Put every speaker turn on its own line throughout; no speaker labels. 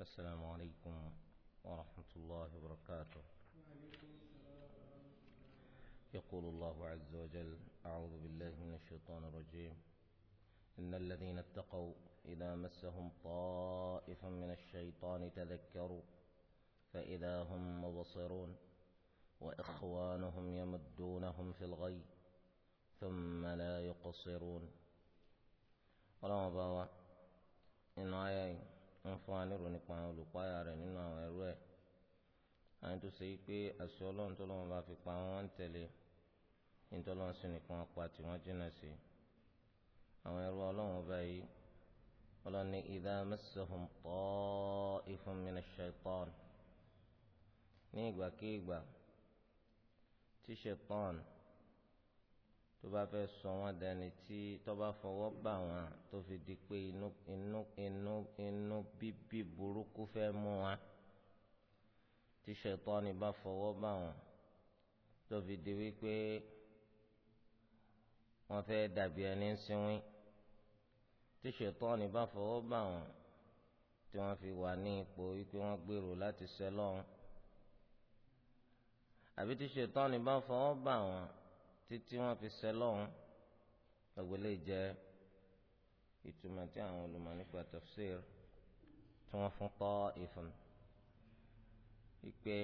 السلام عليكم ورحمة الله وبركاته يقول الله عز وجل أعوذ بالله من الشيطان الرجيم إن الذين اتقوا إذا مسهم طائف من الشيطان تذكروا فإذا هم مبصرون وإخوانهم يمدونهم في الغي ثم لا يقصرون ọlọ́wọ́n bá إن nínú آية ń fún wa nírò nípa àwọn olùpáyà rẹ̀ nínú àwọn ẹrú ẹ̀ àwọn tó ṣe pé àṣẹ ọlọ́run tó lọ́wọ́ bá fi pa wọn wọ́n ń tẹ̀lé ìtọ́lọ́run sì nìkan pa tí wọ́n jìnnà sí àwọn ẹrú ọlọ́run báyìí ọlọ́run ní idha massahum ta'ifun minash shaitan ní ìgbàkigbà tí ṣaitan tó bá fẹ́ sọ wọn dání tí tó bá fọwọ́ bà wọn tó fi di pé inú inú inú inú bíbí burúkú fẹ́ mú wọn tí ṣẹ̀tánì bá fọwọ́ bà wọn tó fi di wípé wọ́n fẹ́ dàbí ẹni sínwín tí ṣẹ̀tánì bá fọwọ́ bà wọn tí wọ́n fi wà ní ipò wípé wọ́n gbèrò láti sẹ́lọ́run àbí tí ṣẹ̀tánì bá fọwọ́ bà wọn títí wọ́n fi ṣẹ lọ́hùn gbogbo lè jẹ́ ìtumọ̀ tí àwọn olùmọ̀ nípa tafsir tí wọ́n fún Taifun wípé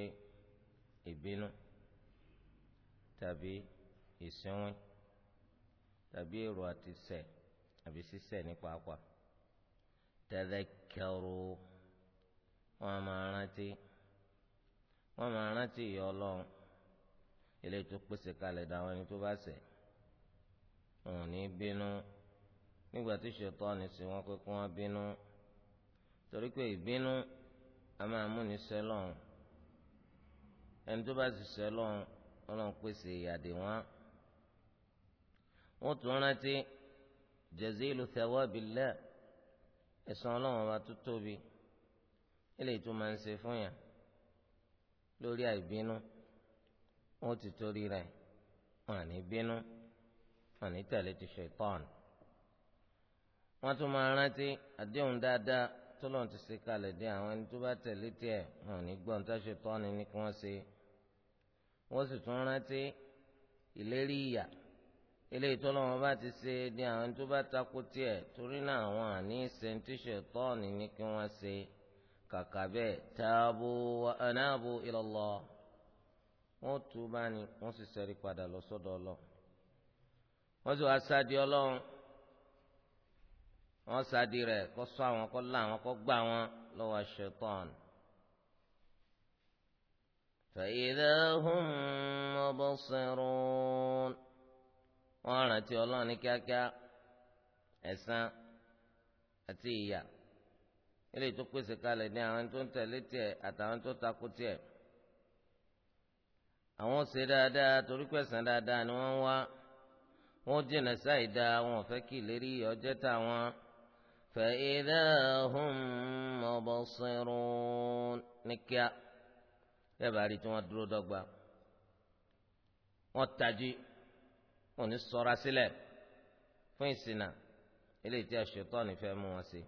ìbínú tàbí ìsínwín tàbí èrò àti sẹ̀ àbí sísẹ̀ ní pàápàá tadhakkaru wọ́n máa rántí wọ́n máa rántí ìyọ́ ọlọ́run eléyìí tó pèsè kalẹ̀ dáwọn ẹni tó bá ṣẹ̀ òun ní bínú nígbà tí ṣètọ́ni sí wọn pé kí wọ́n bínú torí pé ìbínú a máa múni sẹ́lọ̀n ẹni tó bá sì sẹ́lọ̀n ọlọ́run pèsè ìyàdé wọn. wọ́n tún rántí jazilu thawabillah ẹ̀san ọlọ́run ọba tó tóbi eléyìí tó máa ń ṣe fún yàn lórí àìbínú wọn ti torí rẹ̀ wọn àní bínú wọn àní tẹ̀lé ti ṣètọ́ọ̀nù wọn tún máa rántí àdéhùn dáadáa tó lọ́n ti ṣe kalẹ̀ dé àwọn ẹni tó bá tẹ̀lé tiẹ̀ wọn àní gbọ́n tá ṣètọ́ọ̀nù ni kí wọ́n ṣe wọ́n sì tún rántí ìlérí ìyà eléyìí tó bá ti ṣe ní àwọn tó bá takò tiẹ̀ torí náà àwọn àní ṣèǹtíṣe tọ́ọ̀nì ni kí wọ́n ṣe kàkà bẹ́ẹ̀ táàbù wa anáàbù ilallah wọ́n tú bá ní wọ́n sì sẹ́rí padà lọ sọ́dọ̀ ọlọ́ wọ́n sì wá sáde ọlọ́run wọ́n sáde rẹ̀ kó ṣọ́ àwọn kó là àwọn kó gbà wọn lọ́wọ́ ṣetán. فإذا هم مبصرون wọ́n rántí ọlọ́run ní kíákíá ẹ̀sán àti ìyà ilé tó pèsè kalẹ̀ ní àwọn tó ń tẹ̀lé tiẹ̀ àtàwọn tó takò tiẹ̀. àwọn ṣe dáadáa torí pẹ̀sán dáadáa ni wọ́n wá wọ́n jìnnà sáìdá wọn fẹ́ kí ìlérí ọjọ́ wọ́n. fa idha hum mubsirun ní kíá lẹ́bàá rí tí wọ́n dúró dọ́gba wọ́n tají wọn ní sọ́ra sílẹ̀ fún ìṣìnà tí fẹ́ mú wọn sí.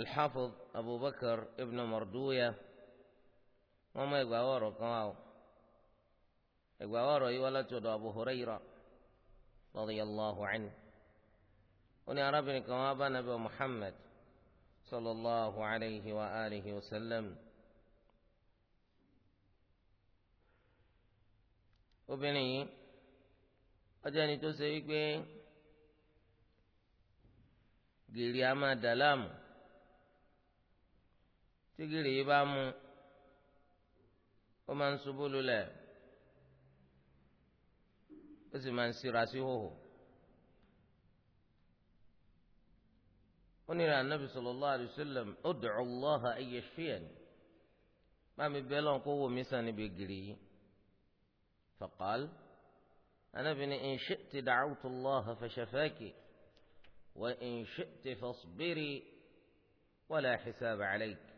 الحافظ أبو بكر ابن مردويه wọn mọ ẹgbàá ọ̀rọ̀ kan wà o ẹgbàá ọ̀rọ̀ yìí wá láti ọ̀dọ̀ Abu Hurairah radiyallahu anhu ó ní arábìnrin kan wá bá nàbẹ Muhammad sallallahu alayhi wa alihi wa sallam obìnrin yìí ọjọ́ ẹni tó ṣe wípé gìrì á máa dà láàmú tí gìrì yìí bá mú ó máa ń ṣubú lulẹ̀ ó sì máa ń síra sí hòhò. ó ní ra anabi sallallahu alayhi wa sallam ud'u Allaha an yashfiyani báàmì bẹ́ẹ̀ lọ́n kó wò mí sàn níbi gírí yìí. faqal anabi ni in shi'ti da'awtu Allaha fashafaki wa in shi'ti fasbiri wala hisaba alayki.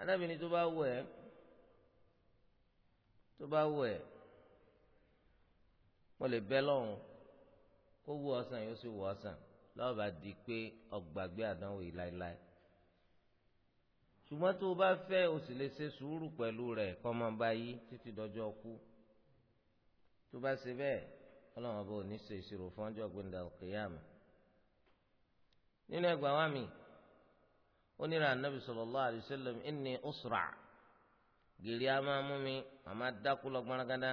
anabi ni tó bá wù ẹ́. tó bá wù ẹ́ mo lè bẹ lọ́hùn kó wù ọ̀sán yóò sì wù ọ̀sán lọ́wọ́ bá di pé ọgbàgbé àdánwò yìí láéláé ṣùgbọ́n tó o bá fẹ́ o sì lè ṣe sùúrù pẹ̀lú rẹ̀ kọ́ máa bá yí títí dọjọ́ kú tó bá ṣe bẹ́ẹ̀ ọlọ́run ọba ò ní ṣe ìṣirò fún ọjọ́ gbẹ̀ndà al nínú ẹgbàá wa mi ó nira anabi sallallahu alayhi wa gèrè a máa mú mi màmá dákú lọ gbọ́nrangandá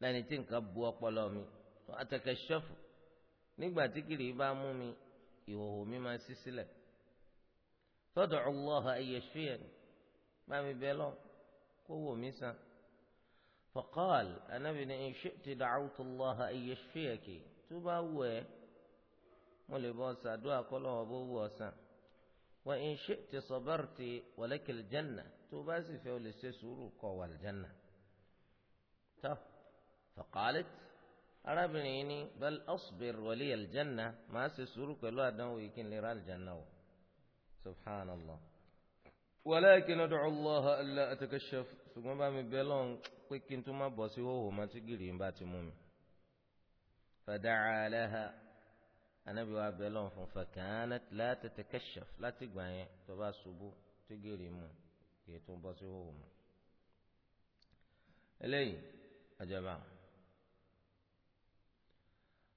lẹ́ni tí nǹkan bu ọpọlọ mi àtẹ̀kẹ́ ṣọ́ọ̀fù nígbà tí gèrè bá mú mi ìhòòhò mi máa ṣí sílẹ̀ fọ́dọ̀ ọlọ́ha ẹ̀yẹ ṣúyẹ̀ bá mi bẹ́ẹ̀ lọ kó wò mí sàn. فقال أنا بن إن شئت دعوت الله أن يشفيك تبا وي مولي بوسا دعا كله وبو بوسا وإن شئت صبرت ولك الجنة تباسي في أولي سيسورك والجنة طب فقالت أربنيني بل أصبر ولي الجنة ما سيسورك لا نو يكن لرى الجنة سبحان الله ولكن أدعو الله ألا أتكشف ثم بامي بلون كنتما بوسي هو ما تقلين باتي مومي فدعا لها anabi wa bẹ lọ́n fún fakanat la tatakashaf láti gbà yẹn tó bá ṣubú tó gèrè mu kì í tún bọ́ sí òwò mu. eléyìí àjọba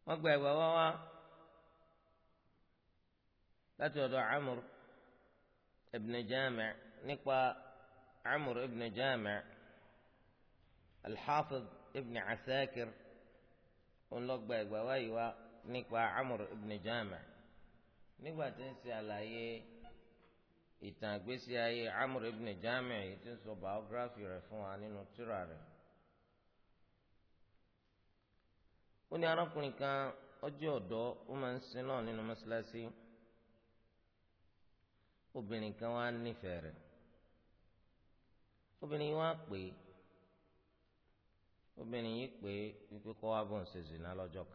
wọn gba ìwà wá wá láti ọ̀dọ̀ amúr ibn jami' nípa amúr ibn jami' alḥafiz ibn asakir òun lọ gba ìgbà wáyìí wá. Wa nípa Amr ibn Jami' nígbà tí ń ṣe àlàyé ìtàn àgbésí ayé Amr ibn Jami' yìí tí ń sọ biography re fún wa nínú tírà rẹ̀ ó ní arákùnrin kan ọjọ́ ọ̀dọ́ ó máa ń sin náà nínú mọ́ṣáláṣí obìnrin kan wá nífẹ̀ẹ́ rẹ̀ obìnrin wá pè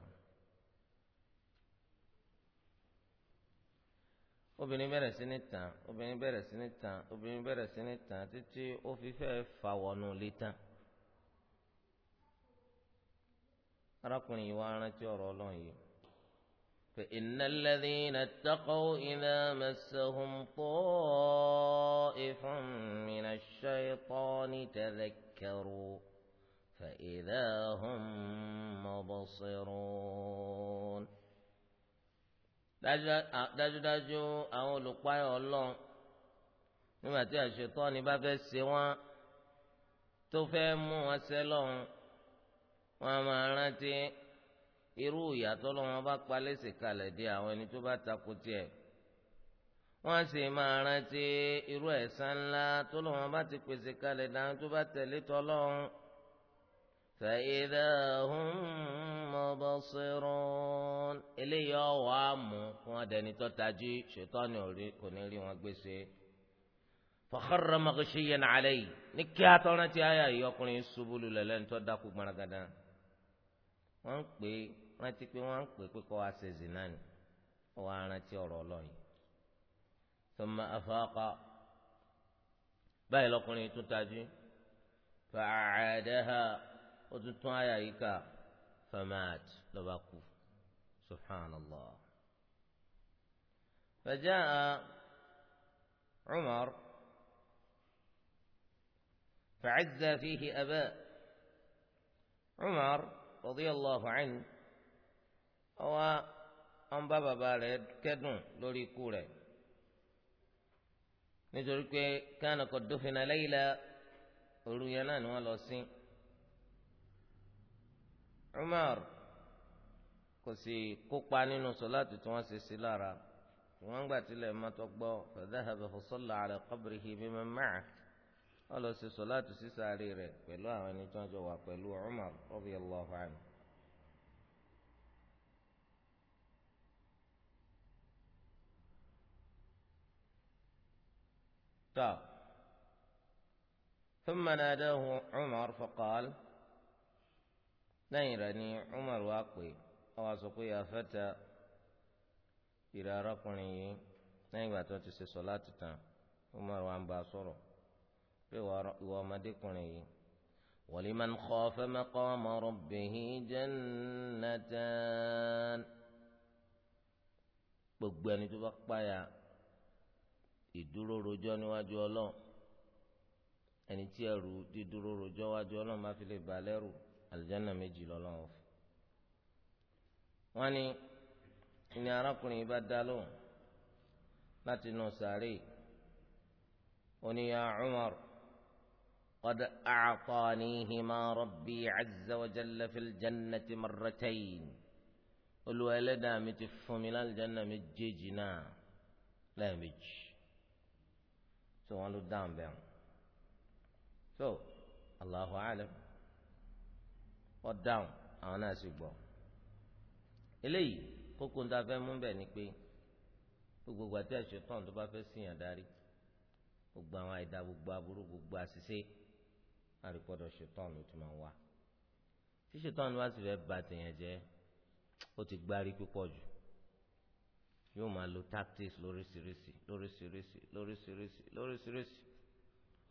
é obìnrin bẹ̀rẹ̀ sí ní tàn obìnrin bẹ̀rẹ̀ sí ní tàn obìnrin bẹ̀rẹ̀ sí ní tàn títí ó fi fẹ́ fà wọnú ilé tán. arákùnrin yìí wá rántí ọ̀rọ̀ ọlọ́run yìí. فإن الذين اتقوا إذا مسهم طائف من الشيطان تذكروا فإذا هم مبصرون dájúdájú àwọn olùpáyọ Ọlọ́run nígbà tí àṣetọ́ ni bá fẹ́ ṣe wọ́n tó fẹ́ mú wọn ṣe lọ́run wọn máa rántí irú ìyàtọ̀ lọ́wọ́n bá palẹ́sì kalẹ̀ di àwọn ẹni tó bá takò tiẹ̀ wọ́n sì máa rántí irú ẹ̀san ńlá tó lọ́wọ́n bá ti pèsè kalẹ̀ dáhùn tó bá tẹ̀lé tọ́lọ́run fa idha hum مبصرون eléyìí ọwọ́ àmú kí wọ́n dẹni tó tají ṣètọ́ni kò ní rí wọn gbèsè. فخر مغشيا عليه نكي اتونا تي ايا يوكني سبول للن تو داكو غنغدا wọ́n pè wọ́n ti pé wọ́n pè pé kó wá ṣe zina ni ó wá rántí ọ̀rọ̀ Ọlọ́run thumma afaqa báyìí lọkùnrin tún tají fa'adaha ó tún tún àyà yìí kà فمات لو سبحان الله فجاء عمر فعز فيه أباه عمر رضي الله عنه هو أن بابا بالد كدن لولي كوري نجرك كان قد دفن ليلة ولو ينان ولو سين Umar kò sì kópa nínú sọláàtì tí wọ́n ṣe sí lára wọ́n gbà tilẹ̀ mọ́tò gbọ́ fadhahaba fasalla ala qabrihi bimman ma'ah wọ́n lọ sí sọláàtì sí sàárè rẹ̀ pẹ̀lú àwọn ẹni tí wọ́n jọ wà pẹ̀lú Umar radiyallahu anhu. ثم ناداه عمر فقال lẹ́yìn rẹ̀ ni Umar wá pè ọ wá sọ pé afẹ́tà ìrẹ̀ arákùnrin yìí lẹ́yìn ìgbà tó ti ṣe sọ láti tàn Umar wá ń bá a sọ̀rọ̀ pé ìwọ ọmọdékùnrin yìí waliman khafa maqama rabbihi jannatan gbogbo ẹni tó bá páyà ìdúró rojọ́ níwájú ọlọ́run ẹni tí ẹrù dídúró rojọ́ wájú ọlọ́run má fi lè bà lẹ́rù aljanna méjì lọ́lọ́run fún wọn ni ìní arákùnrin yìí bá dá lóhùn láti nù sàárè oníyà Umar qad a'tanihima rabbi azza wa jalla fil jannati marratayn Olúwa Ẹlẹ́dàá mi ti fún mi láljanna méjèèjì náà lẹ́ẹ̀mejì tó wọn ló dáhùn bẹ́ẹ̀ so Allahu a'lam wọ́n dáhùn àwọn náà sì gbọ́ eléyìí kókó ń ta fẹ́ mú bẹ́ẹ̀ ni pé gbogbo gbàtí àṣetán tó bá fẹ́ síyàn darí gbogbo àwọn àìda gbogbo aburú gbogbo àṣìṣe àrípọ̀dọ̀ ṣetán ló ti máa wá tí ṣetán ló bá sì fẹ́ ba tèèyàn jẹ́ ó ti gbárí púpọ̀ jù yóò máa lo tactics lóríṣiríṣi lóríṣiríṣi lóríṣiríṣi lóríṣiríṣi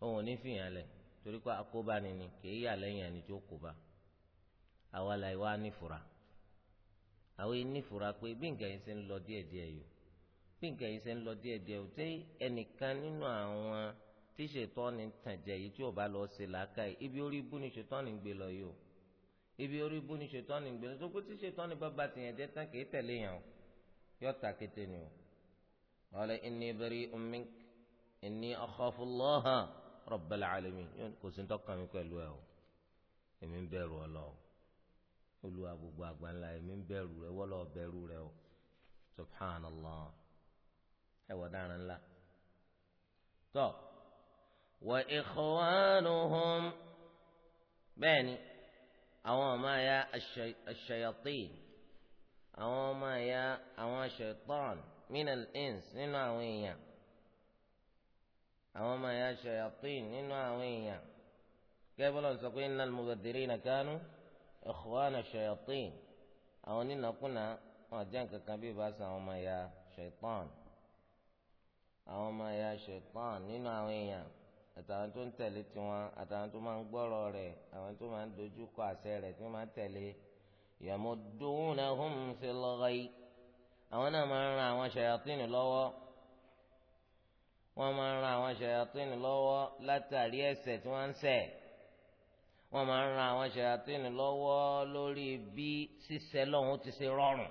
òun ò ní fìyàn lẹ̀ torí pé akóbá ni ni kì í yà lẹ́yìn ẹni tó kóbá àwa là wá nífura àwọn nífura pé bí nǹkan yìí ṣe ń lọ díẹ̀díẹ̀ yìí bí nǹkan yìí ṣe ń lọ díẹ̀díẹ̀ yìí tí ẹnìkan nínú àwọn tí ṣètọ́ni tàjẹ̀ yìí tí ò bá lọ ṣe làákàyè ibi orí ibú ni ṣètọ́ni gbé lọ yìí o ibi orí ibú ni ṣètọ́ni gbé lọ tó kó tí ṣètọ́ni bá ba tìyàn jẹ́ tán kìí tẹ̀lé yàn o yọ ta kété ni o wàlẹ̀ inni bari'un mink inni akhafu Allaha rabbal alamin olúwa gbogbo àgbáńlá èmi ń bẹ̀rù rẹ wọlọ bẹ̀rù rẹ o subhana subhanallah ẹ wọ dáran ńlá. tọ́ wa ikhwanuhum bẹ́ẹ̀ ni àwọn ọmọ ya ash àwọn ọmọ ya àwọn shaitan minal ins nínú àwọn èèyàn àwọn ọmọ ya shayatin nínú àwọn èèyàn kẹ́bọ́lọ́ sọ pé innal mubaddirina kanu. ikhwana shayatin àwọn onínàkúnà wọn jẹ́ nǹkan kan bí ìbáṣà àwọn ọmọ ya shaitan àwọn ọmọ ya shaitan nínú àwọn èèyàn àtàwọn tó ń tẹ̀lé tiwọn àtàwọn tó máa ń gbọ́rọ̀ rẹ̀ àwọn tó máa ń dojú kọ àṣẹ rẹ̀ tí wọ́n máa ń tẹ̀lé yamuddunahum fil ghayy àwọn náà máa ń ran àwọn shayatin lọ́wọ́ wọ́n máa ń ran àwọn shayatin lọ́wọ́ látàrí ẹ̀ṣẹ̀ tí wọ́n ń ṣẹ̀ wọ́n máa ń ran àwọn ṣèyàtìnì lọ́wọ́ lórí bí ṣíṣe lọ́hùn ti ṣe rọrùn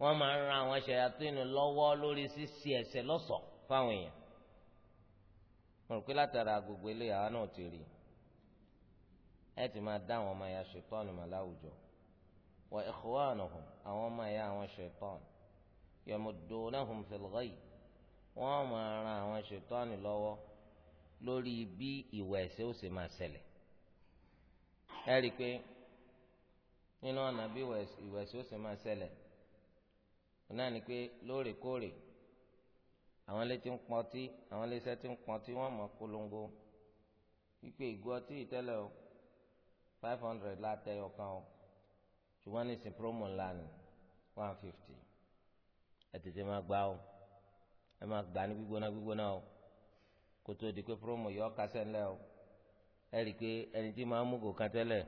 wọ́n máa ń ran àwọn ṣèyàtìnì lọ́wọ́ lórí ṣíṣe ẹ̀ṣẹ̀ lọ́sọ̀ọ́ fáwọn èèyàn mo rò pé látara gbogbo eléyà àwọn náà ti rí ẹ ti máa dá àwọn ọmọ ẹ̀yà ṣètọ́nù mọ̀ láwùjọ wa ikhwanuhum àwọn ọmọ ẹ̀yà àwọn ṣètọ́nù yamuddunahum fil ghayy wọ́n máa ran àwọn ṣètọ́nù lọ́wọ́ lórí bí ìwà ẹ̀ṣẹ̀ ó sì máa ṣẹlẹ̀ ẹ rí i pé nínú ọ̀nà bí ìwẹ̀sì ó sì máa ṣẹlẹ̀ náà ni pé lóòrèkóòrè àwọn ilé tí ń pọn tí àwọn iléeṣẹ́ tí ń pọn tí wọ́n mọ̀ polongo wípé ìgò ọtí ìtẹ́lẹ̀ o five hundred látẹ ọ̀kan o ṣùgbọ́n ní sin promo ńlá ni one fifty ẹ tètè máa gbá o ẹ máa gbà ní gbígbóná gbígbóná o kó tó di pé promo yọ ọ́ kásẹ̀ ńlẹ̀ o ẹ rí i pé ẹni tí máa ń múgò kan tẹ́lẹ̀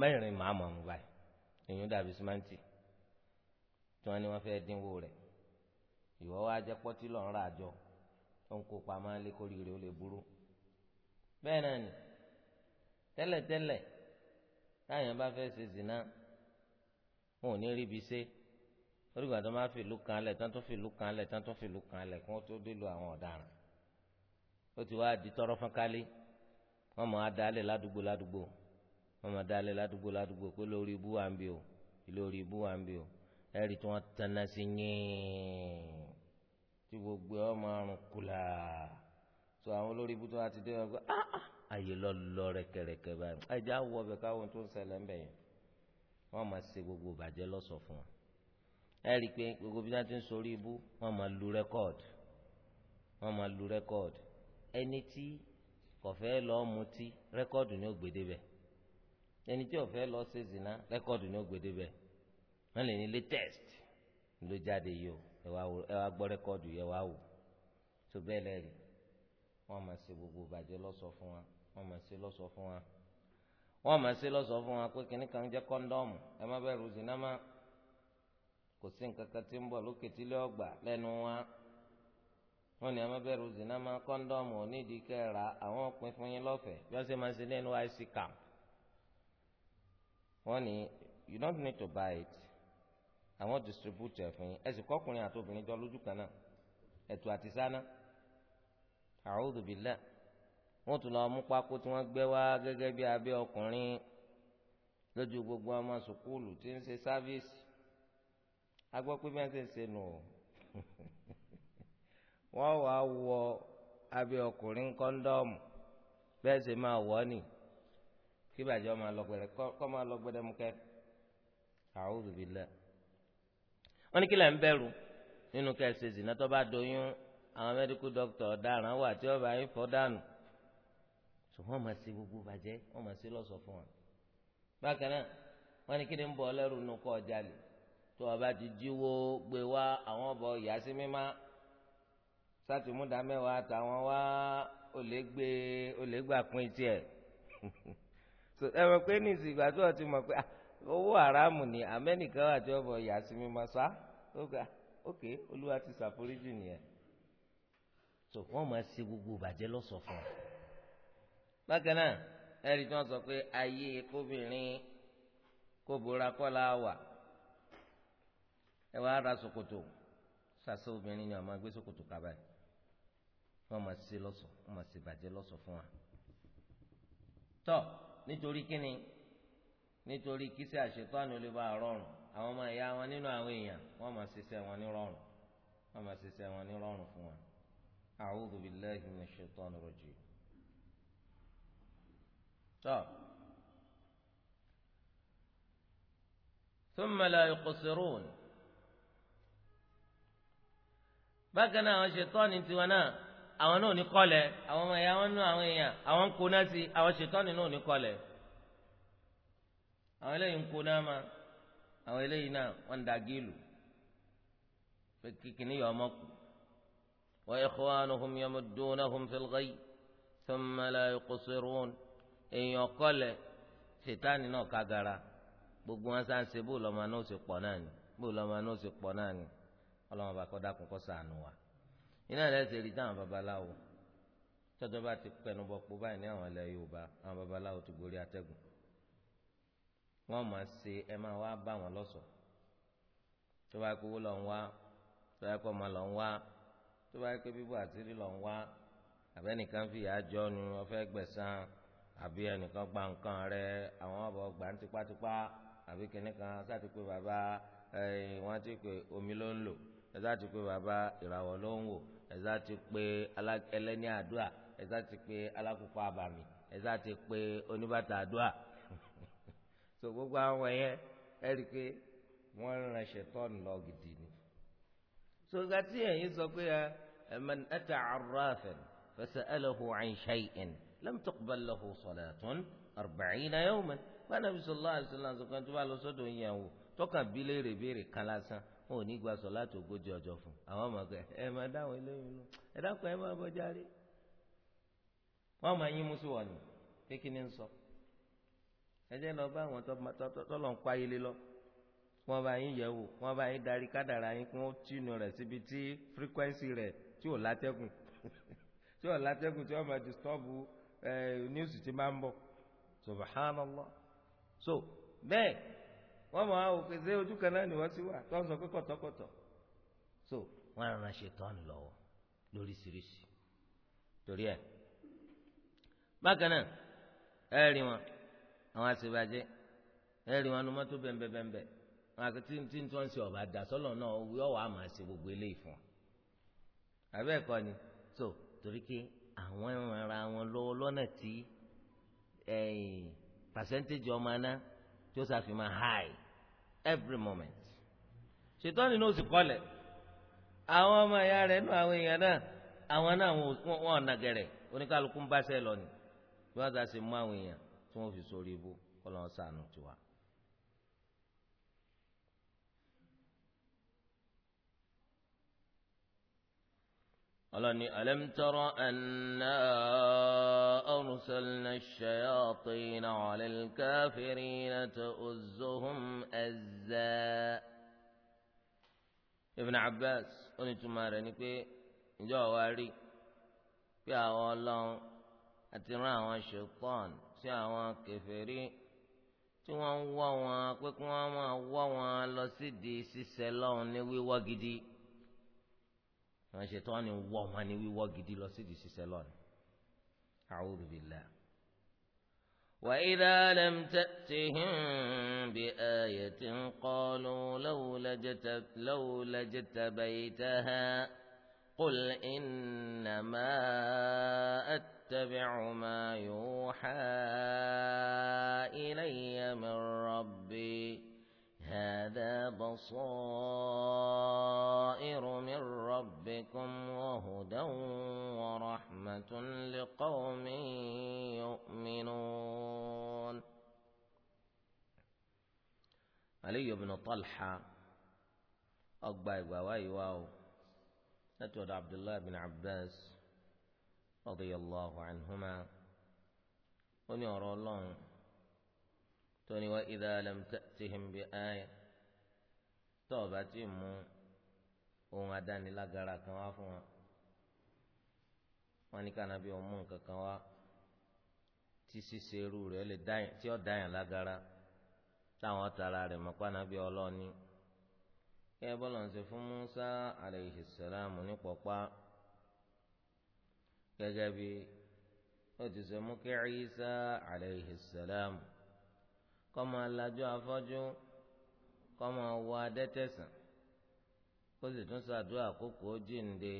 mẹ́rin máa mọ̀ ọ́n báyìí èèyàn dàbí símáǹtì tí wọ́n ní wọ́n fẹ́ dínwó rẹ̀ ìwọ́ wa jẹ́ pọ́tí lọ́n ra àjọ tó ń kó pamọ́ lé kórìíre ó lè burú bẹ́ẹ̀ náà nì tẹ́lẹ̀tẹ́lẹ̀ táyàn bá fẹ́ ṣe zìnà wọn ò ní rí ibi ṣe orígbà tó máa fìlú kan lẹ̀ tán tó fìlú kan lẹ̀ tán tó fìlú kan lẹ̀ kí wọ́n tó dé lu àwọn ọ̀daràn ó ti wá di tọrọ fún wọ́n máa dalẹ̀ ládùúgbò ládùúgbò wọ́n máa dalẹ̀ ládùúgbò ládùúgbò pé lórí ibú wa ń bí o lórí ibú wa ń bí o ẹ̀rí tí wọ́n tanná sí yín tí gbogbo ọmọ àrùn kùlà tó àwọn olórí ibú tó wá ti dé wọn pé àyè lọ lọ rẹkẹrẹkẹ báyìí ẹjẹ awọ ọbẹ káwọn tó ń ṣẹlẹ̀ ńbẹ yẹn wọ́n máa ṣe gbogbo bàjẹ́ lọ́sọ̀ fún wọn ẹ̀rí pé gbogbo bí wọ́n ti ń sọrí ibú wọ́n máa lu rẹ́kọ̀dù wọ́n máa lu rẹ́kọ̀dù ẹni tí kọfẹ lọ mutí rẹkọọdù ni ó gbé débẹ̀ ẹni tí ọfẹ lọ ṣe zina rẹkọọdù ni ó gbé débẹ̀ wọn lè ní latest ló jáde yìí o ẹ wá gbọ́ rẹkọọdù yẹ wá wò tó bẹ́ẹ̀ lẹ́rìí wọ́n máa ṣe gbogbo bàjẹ́ lọ́sọ̀ fún wa wọ́n máa ṣe lọ́sọ̀ fún wa wọ́n máa ṣe lọ́sọ̀ fún wa pé kìnnì kan jẹ́ kọ́ńdọ́ọ̀mù ẹ má bẹ̀rù zina má kò sí nǹkan kan tí ń bọ̀ lókè tí lé ọgbà lẹ́nu wa wọn ní amábẹ́rù zina máa kọ́ńdọ́ọ̀mù onídìí kẹ́ra àwọn òpin fún yín lọ́fẹ̀ẹ́ bí wọ́n ṣe máa ṣe ní NYSC camp wọ́n ní you don't need to buy it àwọn distribute ẹ̀ fún yín ẹ sì kọ́kùnrin àti obìnrin jọ lójú kan náà ẹ̀tù àti sáná a'udhu billah wọ́n tún lọ́ọ́ mú pákó tí wọ́n gbé wá gẹ́gẹ́ bí abẹ́ ọkùnrin lójú gbogbo ọmọ sùkúlù tí ń ṣe sáfíìsì agbọ́ bí wọ́n ṣe ń ṣe nù ọ́ wọ́n wàá wọ abẹ́ ọkùnrin kọ́ńdọ́ọ̀mù bẹ́ẹ̀ sì máa wọ̀ ọ́ nì kí bàjẹ́ máa lọ gbẹ̀rẹ̀ kọ́ máa lọ gbẹ̀rẹ̀ mú kẹ́ a'udhu billah. wọ́n ní kí lẹ́ ń bẹ̀rù nínú kẹsì ìsìn náà tó bá doyún àwọn mẹ́díkù dókítà ọ̀daràn wà tí ọba yín fọ́ dànù tó wọ́n máa gbogbo bàjẹ́ wọ́n máa ṣe lọ́sọ̀ fún wọn. bákan náà wọ́n ní kí ni ń bọ̀ lẹ́rù nù kọ́ ọjà lè tó ọba ti jíwó gbé wá àwọn ọbọ̀ yàá sí mímá sáti múdà mẹ́wàá àtàwọn wá olè gbé olè gbà so ẹ mọ̀ pé nísìsiyìí ìgbà tí wọ́n ti pé ah, owó àràmù ni amẹ́nìkan àti ọ̀bọ̀ yàtí mímọ́ sá ah, ókè olúwa ti ṣàforíjì nìyẹn so wọ́n máa ṣe gbogbo ìbàjẹ́ lọ́sọ̀ fún un bákan náà ẹ̀rí tí wọ́n sọ pé ayé kóbìnrin kó bora kọ́lá wà ẹ wá ra ṣòkòtò ṣàṣẹ obìnrin ni àwọn máa gbé ṣòkòtò kábàáyé wọ́n máa ṣe lọ́sọ̀ wọ́n máa ṣe bàjẹ́ lọ́sọ̀ fún wa. tọ́ nítorí kíni nítorí kíṣe àṣetọ́ni olè bá rọrùn àwọn ọmọ ìyá wọn nínú àwọn èèyàn wọ́n máa ṣiṣẹ́ wọn ní rọrùn wọ́n máa ṣiṣẹ́ wọn ní rọrùn fún wa. a'udhu billahi minash shaitani rajim. tọ́ thumma la yuqsirun bákan náà àwọn ṣetọ́ni tiwọn náà àwọn náà ní kọlẹ̀ àwọn ọmọ ẹ̀yà wọn nú àwọn èèyàn àwọn ń koná sí àwọn ṣètọ́ni náà ní kọlẹ̀ àwọn eléyìí ń koná ma àwọn eléyìí náà wọ́n da gíìlù pé kìkìnní yọ ọmọ kù wa ikhwanuhum yamuddunahum fil ghayy thumma la yuqsirun èèyàn kọlẹ̀ ṣètánì náà kagara gbogbo wọn sá ń ṣe bó lọ́mọ náà ó ṣe pọ̀ náà ni bó lọ́mọ náà ó ṣe pọ̀ náà ni ọlọ́mọba kọ́ dákun kọ́ ṣàánú wa iná lẹ́sẹ̀ rí táwọn babaláwo tọ́jọ́ bá ti pẹnubọ̀ pọ̀ báyìí ní àwọn ilẹ̀ Yorùbá àwọn babaláwo ti gorí atẹ́gùn wọ́n máa ṣe ẹ máa wá bá wọn lọ́sọ̀ọ́ tó bá kó owó lọ ń wá tó bá kó ọmọ lọ ń wá tó bá kó bíbọ̀ àtìrí lọ ń wá àbẹ́nìkan fìyà jọ nu ọ̀fẹ́ gbẹ̀san àbí ẹnìkan gba nǹkan rẹ àwọn ọ̀bọ̀ gbà ń tipátipá àbí kìnnìkan sátìpé bàbá ẹ̀ wọ́n ti pè omi ló ń lò ẹ̀sà ti pé bàbá ìràwọ̀ ló ń wò ẹ̀sà ti pé ẹlẹ́ni àdúrà ẹ̀sà ti pé alákòókò àbàmì ẹ̀sà ti pé oníbàtà àdúrà so gbogbo àwọn yẹn ẹ rí i pé wọ́n ran ṣètọ́nù lọ gidi ni so ìgbà tí ẹ̀yin sọ pé man ata arrafan fasa'alahu an shay'in lam tuqbal lahu salatun arba'ina yawman bá nàbí sallallahu alaihi wasallam sọ kan tó wọn ò ní gba sọ láti ogójì ọjọ́ fún àwọn ọmọ ọgá ẹ máa dáhùn eléyìí nù ẹ dákun ẹ máa bọjá rí wọn máa yín mú sí wọn ni pé kí ni ń sọ ẹ jẹ́ lọ bá àwọn tọ́lọ̀ ń páyé lé lọ wọn bá yín yẹ̀ wò wọn bá yín darí kádàrá yín kí tìǹù rẹ̀ síbi tí frequency rẹ̀ tí ò látẹ́kùn tí ò látẹ́kùn tí wọ́n máa disturb eh, news tí máa ń bọ̀ subhanallah so bẹ́ẹ̀ wọ́n mọ̀ àwọn òkè ojú kan náà ni wọ́n ti wà tó ń sọ pé kọ̀tọ̀kọ̀tọ̀ so wọ́n ràn ṣètọ́nù lọ́wọ́ lóríṣiríṣi torí ẹ̀ bákan náà ẹ rí wọn àwọn àṣebàjẹ́ ẹ rí wọn nu mọ́tò bẹ́ńbẹ́ńbẹ́ wọn àti tí tí tí wọ́n ṣe ọ̀bà dà náà yóò wá máa ṣe gbogbo eléyìí fún wọn àbẹ́ ẹ̀kọ́ ni so torí pé àwọn ìrànra wọn lọ́wọ́ lọ́nà tí pàṣẹ́ntéèjì ọmọ aná tí ó ṣàfihàn high every moment ṣètọ́ni náà ó sì kọlẹ̀ àwọn ọmọ ìyá rẹ̀ nù àwọn èèyàn náà àwọn náà wọn ọ̀nà gẹ̀rẹ̀ oníkálukú ń báṣẹ́ lọ ni bí wọ́n sá ṣe mú àwọn èèyàn tí wọ́n fi sórí ibú kọ́ lọ́n sànù tiwa. ọlọ́ni alam tara anna arsalna ash-shayatina ala al-kafirina ta'uzzuhum azza Ibn Abbas onítùmọ̀ rẹ̀ ni pé ǹjọ́ wa rí pé àwọn ọlọ́run àti rán àwọn ṣèpọ́n sí àwọn kèfèrí tí wọ́n ń wọ́ wọn pé kí wọ́n máa wọ́ wọn lọ sídìí ṣíṣẹ́ lọ́run ní wíwọ́ gidi. àwọn ṣètò ni wọ́ ọmọ ni wíwọ́ gidi lọ sídìí ṣiṣẹ́ lọ́nà a'udhu وإذا لم تأتهم بآية قالوا لولا لولا اجتبيتها قل إنما أتبع ما يوحى إلي من ربي هَذَا بَصَائِرُ مِنْ رَبِّكُمْ وَهُدًى وَرَحْمَةٌ لِقَوْمٍ يُؤْمِنُونَ علي بن طلحة أقبع بواي واو أتود عبد الله بن عباس رضي الله عنهما ونرى الله tóní wa idha lam ta'tihim bi aya tó o bá ti mú ohun adánilágara kan wá fún wa wọn ní kánábí ọmú nǹkan kan wá tí ṣíṣe irú rẹ̀ lè tí ó dáyàn lágara táwọn tara rẹ̀ mọ kánábí ọlọ́ọ̀ni kí ẹ ń ṣe fún Musa alayhi salam gẹ́gẹ́ bí ó ti ṣe mú kí Isa alayhi salam. kọ́ máa afọju afọ́jú kọ́ máa wọ adẹ́tẹ̀sán kó sì tún ṣàdúrà àkókò jíǹde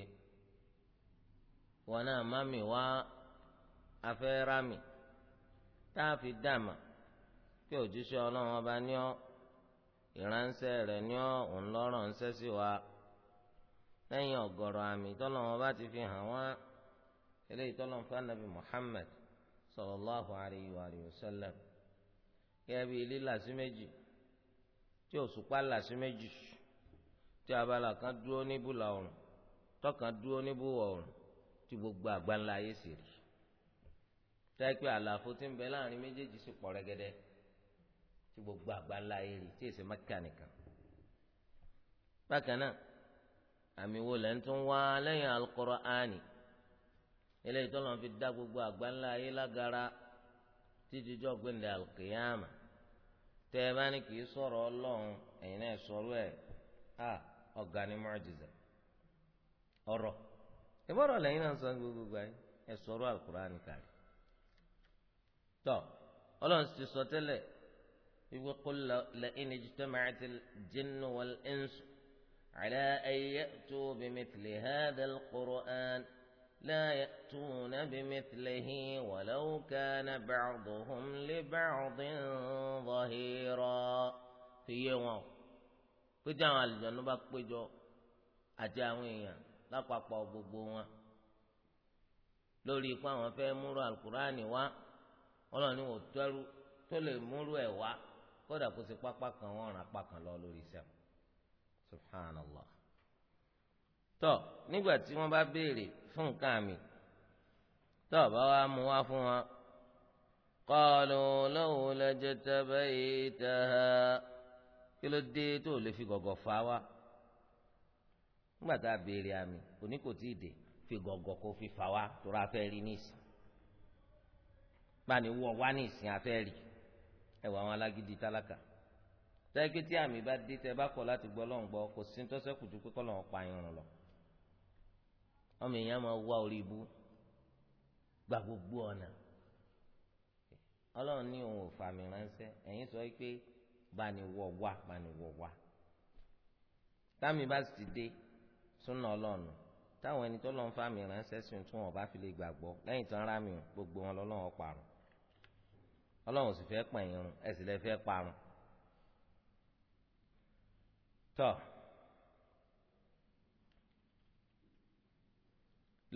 wọn náà má mi wá afẹ́ rà mí tá a fi dàmà kí òjíṣẹ́ ọlọ́run ọba ní ọ́ ìránṣẹ́ rẹ̀ ní ọ́ òun sí wa lẹ́yìn ọ̀gọ̀rọ̀ àmì tọ́lọ́run ọba ti fi hàn wá eléyìí tọ́lọ́run fún anabi Muhammad sallallahu alayhi wa sallam. gẹ́gẹ́ bí ilé làásì méjì tí òṣùpá làásì méjì tí abala kan dúró ní bùlà ọ̀run tọkàn dúró ní bùwọ̀ ọ̀run tí gbogbo àgbáńlá ayé sì rí táìpé àlàfo tí ń bẹ láàrin méjèèjì sì pọ̀ rẹ́gẹ́dẹ́ tí gbogbo àgbáńlá ayé rí tí èsì mẹ́kà nìkan. bákan náà àmì wo lẹ́ ń wá lẹ́yìn Al-Qur'ani eléyìí tó lọ́n fi dá gbogbo àgbáńlá ayé lágara. La jíjọ gbẹndẹ alùkìyàmà tẹ ẹ bá ní kì í sọ̀rọ̀ Ọlọ́run ẹ̀yin náà sọ̀rọ̀ ẹ a ọgá ni mọjìzà ọ̀rọ̀ ìbọrọ lẹ́yìn náà sọ gbogbo ẹ sọ̀rọ̀ alukurani kàrí tọ Ọlọ́run ti sọ tẹ́lẹ̀ wípé qul la'in ijtama'ati al-jinnu wal-insu ala an ya'tu bimithli hadha al-Qur'an. لا يأتون بمثله ولو كان بعضهم لبعض ظهيرا في yé wọn péjọ àwọn àlùjọ́nú bá péjọ àti àwọn èèyàn lápapọ̀ gbogbo wọn lórí ikú àwọn fẹ́ múrò alukurani wá ọlọ́ọ̀ni wò tẹ́rù tó lè múrò ẹ̀ wá kódà kó sì pápá kan wọn ràn apá kan lọ lórí sẹ́mu subhanallah tó nígbà tí wọ́n bá béèrè fún nǹkan mi tó o bá wa mú wá fún wa kọlu lọ́wọ́ lẹ́jẹ̀ tẹ́bẹ́ yìí tẹ́ ẹ kí ló dé tó o lè fi gọ̀gọ̀ fa wa nígbà tá a béèrè àmì òní kò tí ì dé fi gọ̀gọ̀ kó fi fa wa tó ra fẹ́ rí nísìn báni wọ wá nísìn afẹ́ rí ẹ àwọn alágídí tálákà tẹ́kítí àmì bá dé tẹ́ bá kọ̀ láti gbọ́ lọ́ngbọ́ kò sí ní tọ́sẹ́kùtù pé kọ́ lọ́n pa irun lọ ọmọ èèyàn máa wá orí ibú gba gbogbo ọ̀nà ọlọ́run ní òun ò fà mí ránṣẹ́ ẹ̀yin sọ pé bá ní wọ̀ wá bá ní wọ̀ wá táàmì bá sì ti dé súnà ọlọ́run táwọn ẹni tó lọ́n fà mí ránṣẹ́ sí tí wọn bá fi lè gbàgbọ́ lẹ́yìn tán rá mi ò gbogbo wọn lọ́lọ́run parun ọlọ́run sì fẹ́ pààyàn ẹ̀ sì parun tọ́. So,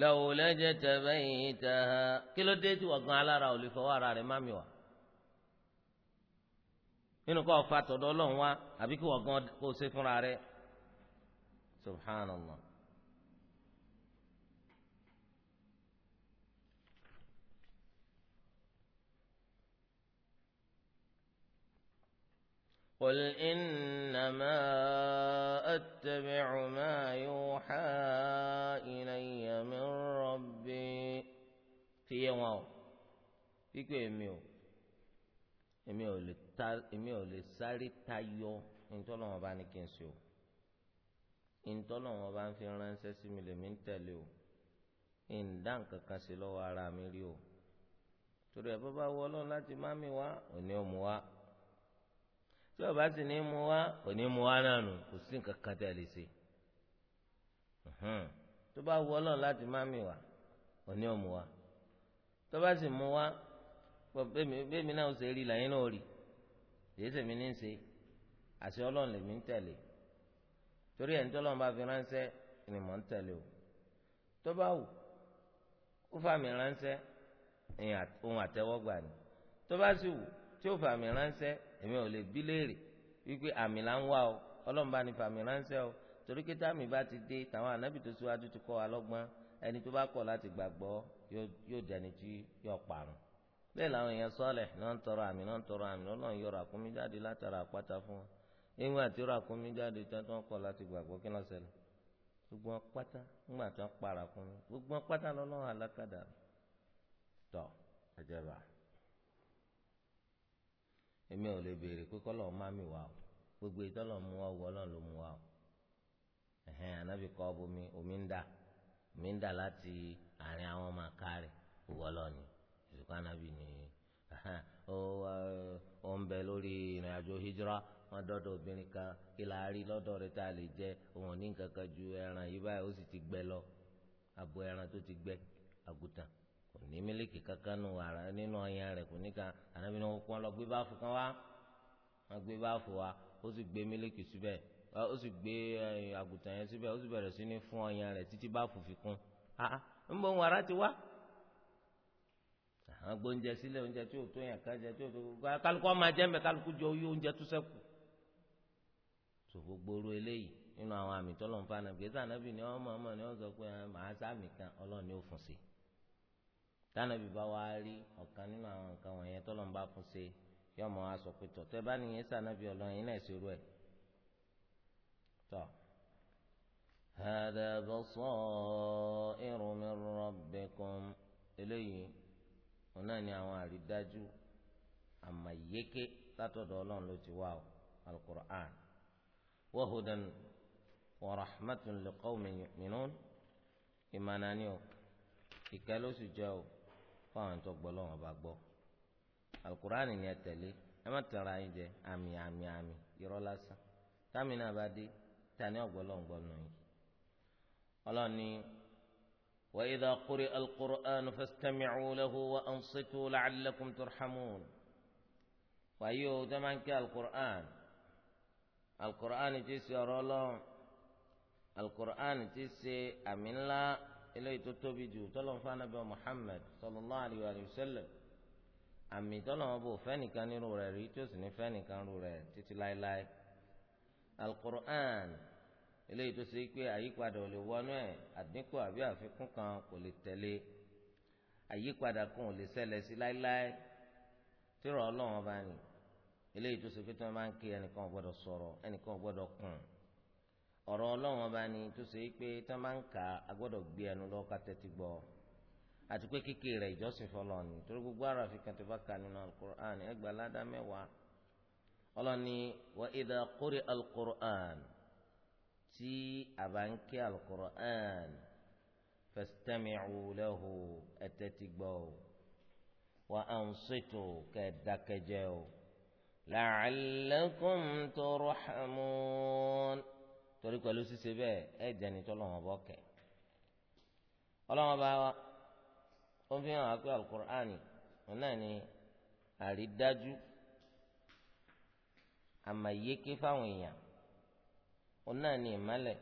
lẹ́wọ̀lẹ́jẹ tẹ̀mẹ́ yìí tẹ̀ hàn kí ló dé tí wọ́n gan alára ò lè fọwọ́ ara rẹ̀ má mi wá. nínú kọ́ ọ̀fà tọ̀dọ̀ ọlọ́run wá àbí kí wọ́n gan ṣe fúnra rẹ̀ subhanallah. قل إنما أتبع ما يوحى fi yé wọn o wípé èmi o èmi ò lè ta èmi ò lè sáré tayọ ntọ́lọ́wọ́n bá ní kí n ṣe o ntọ́lọ́wọ́n bá ń fi ránṣẹ́ sí mi lèmi ń tẹ̀lé o ìǹdá nǹkan kan sí lọ́wọ́ ara mi rí o torí ẹ̀ bó bá wọ ọlọ́run láti má mi wá òní ò mú wá tí ọba sì ní mú wá òní mú wá náà nù kò sí nǹkan kan tẹ̀ lè ṣe tó bá wọ ọlọ́run láti má mi wá òní ò mú wá tọ́ba sì mú wa bẹ́ẹ̀mi náà ṣe rí làyín náà rí èyí tèmi ní í ṣe àṣẹ ọlọ́run lèmi ń tẹ̀lé torí ẹ̀ ń tọ́lọ́run bá fi ránṣẹ́ ni mò ń tẹ̀lé o tọ́ba wù ó fà mí ránṣẹ́ ohun àtẹ́wọ́gbà ni tọ́ba sì wù tí ó fà mí ránṣẹ́ èmi ò lè bí léèrè wípé àmì là ń wá o ọlọ́run bá ní fà mí ránṣẹ́ o torí kí táàmì bá ti dé tàwọn ànábì tó síwájú ti kọ́ wa lọ́gbọ́n ẹni tó bá kọ̀ láti gbàgbọ́ yóò dẹni tí yóò parun bẹ́ẹ̀ làwọn èèyàn sọ́ọ̀lẹ̀ náà ń tọrọ àmì náà ń tọrọ àmì lọ́nà yọ ràkúnmí jáde látara àpáta fún wọn nígbà tí ràkúnmí jáde tán tó ń kọ̀ láti gbàgbọ́ kí gbogbo pátá ńgbà tó para gbogbo pátá alákàdá èmi ò lè béèrè mi wá o gbogbo ìtọ́lọ̀ mú wa ló mú o ẹ̀hẹ́n omi ń dà àárín àwọn ọmọ akárẹ̀ ìwọ lọ́ni ìsìnkú anábì ni ó ń bẹ lórí ìrìn àjò hijra wọn dọdọ obìnrin kan kí rí lọ́dọ̀ rẹ̀ tá a lè jẹ òun ní ju ẹran yìí báyìí ó sì ti gbẹ lọ abo ẹran tó ti gbẹ àgùtàn kò ní mílíkì kankan nù ara nínú ọyàn rẹ̀ kò ní kan ànábi náà kan wa ó sì gbé mílíkì ó sì gbé yẹn ó sì sí ní fún ń bọ̀ wàrà ti wá àwọn gbóúnjẹ sílẹ̀ oúnjẹ tí ò tó yàn kájẹ tí ò tó gbogbo kálukú ọmọ ajẹ́ mẹ́ kálukú jọ oyún oúnjẹ tó sẹ́kù tó gbogbo oró eléyìí nínú àwọn àmì tọ́lọ̀ ń fa nàbì kí sànàbì ni ọmọ ọmọ ni wọ́n sọ pé màá sàmì kan ọlọ́ọ̀ni ò fún sí tànàbì bá wá rí ọ̀kan nínú àwọn nǹkan wọ̀nyẹn tọ́lọ̀ ń bá fún sí yọmọ wa sọ pé tọ̀ tẹ́ bá nìyẹn sànàbì ọlọ́ọ̀yìn náà ṣerú ẹ̀ هذا بصائر من ربكم eléyìí wọn náà ní àwọn àrídájú àmà yéké látọ̀dọ̀ ọlọ́run ló ti wá o alukur'an wahudan wa rahmatun liqawmin yu'minun ìmànání o ìkẹ́ ló sì jẹ́ o fáwọn tó gbọ́ lọ́wọ́ bá gbọ́ alukur'an ni ẹ tẹ̀lé ẹ má tẹ̀ra yín jẹ àmì àmì àmì irọ́ lásán táàmì náà bá dé tani ọ̀gbọ́ lọ́wọ́ gbọ́ nù yín ọlọ́run ní wa idha quri'a al-Qur'an fastami'u lahu wa ansitu la'allakum turhamun wàyí o tó máa ń kí al-Qur'an al-Qur'an ti ṣe ọ̀rọ̀ ọlọ́run al-Qur'an ti ṣe àmì ńlá eléyìí tó tóbi jù tọ́lọ́n fún anábẹ́ Muhammad sallallahu alayhi wa sallam àmì tọ́lọ́n fẹ́nìkan nírú rẹ̀ rí tó sì ní fẹ́nìkan rú rẹ̀ títí láéláé al eléyìí tó ṣe pé àyípadà ò lè wọnú ẹ̀ àdínkù àbí àfikún kan kò lè tẹ̀lé àyípadà kan ò lè ṣẹlẹ̀ sí láéláé tírọ̀ ọlọ́run ọba ni eléyìí tó ṣe pé tí wọ́n máa ń ké ẹnìkan gbọ́dọ̀ sọ̀rọ̀ ẹnìkan gbọ́dọ̀ kùn ọ̀rọ̀ ọlọ́run ọba ni tó ṣe pé tí wọ́n máa ń kà á gbọ́dọ̀ gbé ẹnu lọ ká tẹ́tí gbọ́ àti pé kíkè rẹ̀ ìjọsìn fọlọ́ ni torí gbogbo ara fi kàn tó bá kà nínú alukur'an ẹgbàá ládàá mẹ́wàá ọlọ́ni wa idha quri alukur'an tí a bá ń kí alukur'an fastami'u lahu ẹ̀tẹ́tìgbọ́ o wa ansitu kẹ́ẹ̀dákẹ́jẹ́ o la'allakum turhamun torí pẹ̀lú ṣíṣe bẹ́ẹ̀ ẹ̀ jẹ́ni tó lọ́wọ́ bọ́ kẹ́ ọlọ́wọ́ bá wa ó fi hàn wá alukur'an òun náà ni àrídájú àmàyéké fáwọn èèyàn òun náà ni ìmọ́lẹ̀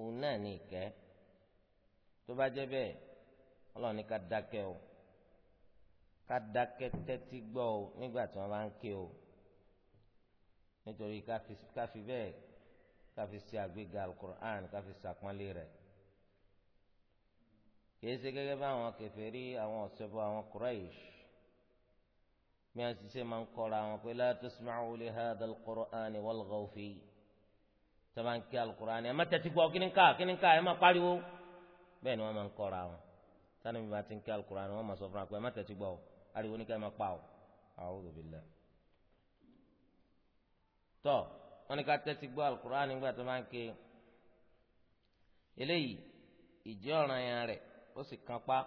òun náà ni ìkẹ́ tó bá jẹ́ bẹ́ẹ̀ ọlọ́run ní ká dákẹ́ o ká dákẹ́ tẹ́tí gbọ́ o nígbà tí wọ́n bá ń ké o nítorí ká fi bẹ́ẹ̀ ká fi ṣe àgbéga alukur'an ká fi ṣàpọ́nlé rẹ̀ kìí ṣe gẹ́gẹ́ bá àwọn kèfèrí àwọn ọ̀sẹ̀bọ àwọn Quraysh bí wọ́n ṣe máa ń kọ́ra àwọn pé la tusma'u li hadha al-Qur'ani walghaw fi sábà ń kí alukur'an ẹ má tẹ́tí gbọ́ kí ni ká kí ni ká ẹ má pariwo bẹ́ẹ̀ ni wọ́n máa ń kọ́ra wọn sani bí wọ́n ti ń kí alukur'an wọ́n máa sọ fún wa pé ẹ má tẹ́tí gbọ́ ariwo ni ká ẹ má pa o a'udhu billah. tọ́ wọ́n ní ká tẹ́tí gbọ́ alukur'an nígbà tó máa ń ké eléyìí ìjẹ́ ọ̀ràn yẹn rẹ̀ ó sì kan pa